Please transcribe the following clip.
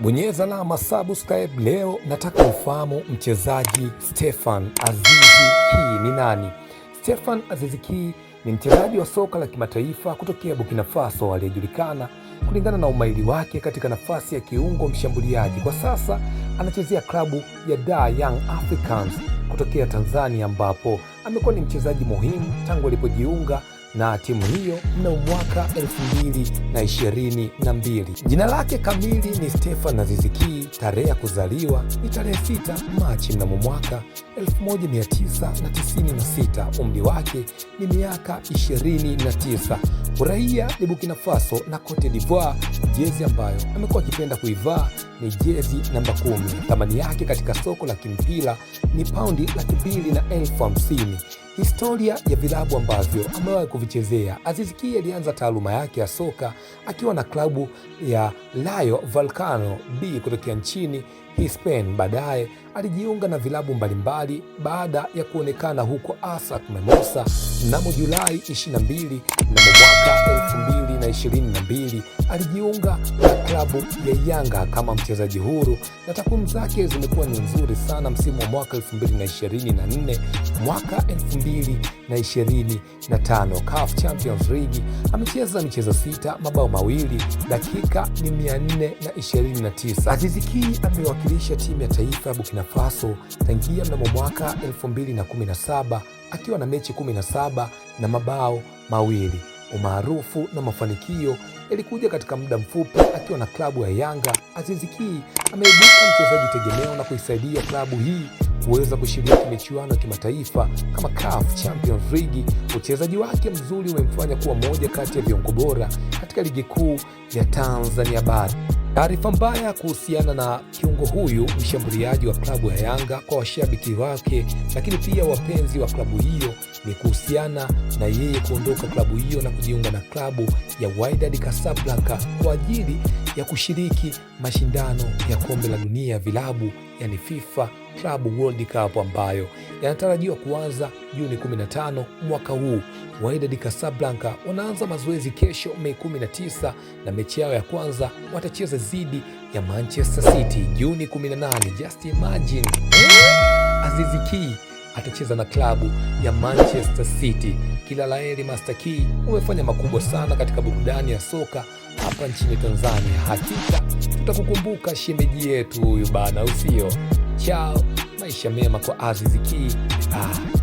Bonyeza alama subscribe. Leo nataka ufahamu mchezaji Stefan Azizi Ki ni nani? Stefan Azizi Ki ni mchezaji wa soka la kimataifa kutokea Burkina Faso aliyejulikana kulingana na umahiri wake katika nafasi ya kiungo mshambuliaji. Kwa sasa anachezea klabu ya da Young Africans kutokea Tanzania ambapo amekuwa ni mchezaji muhimu tangu alipojiunga na timu hiyo na mwaka 222 Jina lake kamili ni Stefan Aziziki. Tarehe ya kuzaliwa ni tarehe 6 Machi mnamo mwaka 1996. Umri wake ni miaka 29. Raia ni Burkina Faso na Cote d'Ivoire, jezi ambayo amekuwa akipenda kuivaa ni jezi namba kumi. Thamani yake katika soko la kimpira ni paundi laki mbili na elfu hamsini. Historia ya vilabu ambavyo amewahi kuvichezea. Aziz Ki alianza taaluma yake ya soka akiwa na klabu ya Rayo Vallecano B kutokea nchini Hispania, baadaye alijiunga na vilabu mbalimbali baada ya kuonekana huko asak memosa mnamo Julai 22 na mwaka 2022 alijiunga na klabu ya Yanga kama mchezaji huru na takwimu zake zimekuwa ni nzuri sana msimu wa mwaka 2024 mwaka 2025 CAF Champions League amecheza michezo sita, mabao mawili, dakika ni 429. Azizi Ki amewakilisha timu ya taifa ya Burkina Faso tangia mnamo mwaka 2017 akiwa na mechi 17 na mabao mawili Umaarufu na mafanikio yalikuja katika muda mfupi. Akiwa na klabu ya Yanga, Aziz Ki ameibuka mchezaji tegemeo na kuisaidia klabu hii kuweza kushiriki michuano ya kimataifa kama CAF Champions League. Uchezaji wake mzuri umemfanya kuwa moja kati ya viungo bora katika ligi kuu ya Tanzania Bara. Taarifa mbaya kuhusiana na kiungo huyu mshambuliaji wa klabu ya Yanga kwa washabiki wake, lakini pia wapenzi wa klabu hiyo ni kuhusiana na yeye kuondoka klabu hiyo na kujiunga na klabu ya Wydad Casablanca kwa ajili ya kushiriki mashindano ya kombe la dunia ya vilabu, yani FIFA Club World Cup ambayo yanatarajiwa kuanza Juni 15 mwaka huu. Wydad Casablanca wanaanza mazoezi kesho Mei 19 na mechi yao ya kwanza watacheza dhidi ya Manchester City Juni 18. Just imagine Azizi Ki atacheza na klabu ya Manchester City. Kila laheri Master Key, umefanya makubwa sana katika burudani ya soka hapa nchini Tanzania. Hakika tutakukumbuka shemeji yetu huyu bana, usio chao, maisha mema kwa Aziz Ki ah.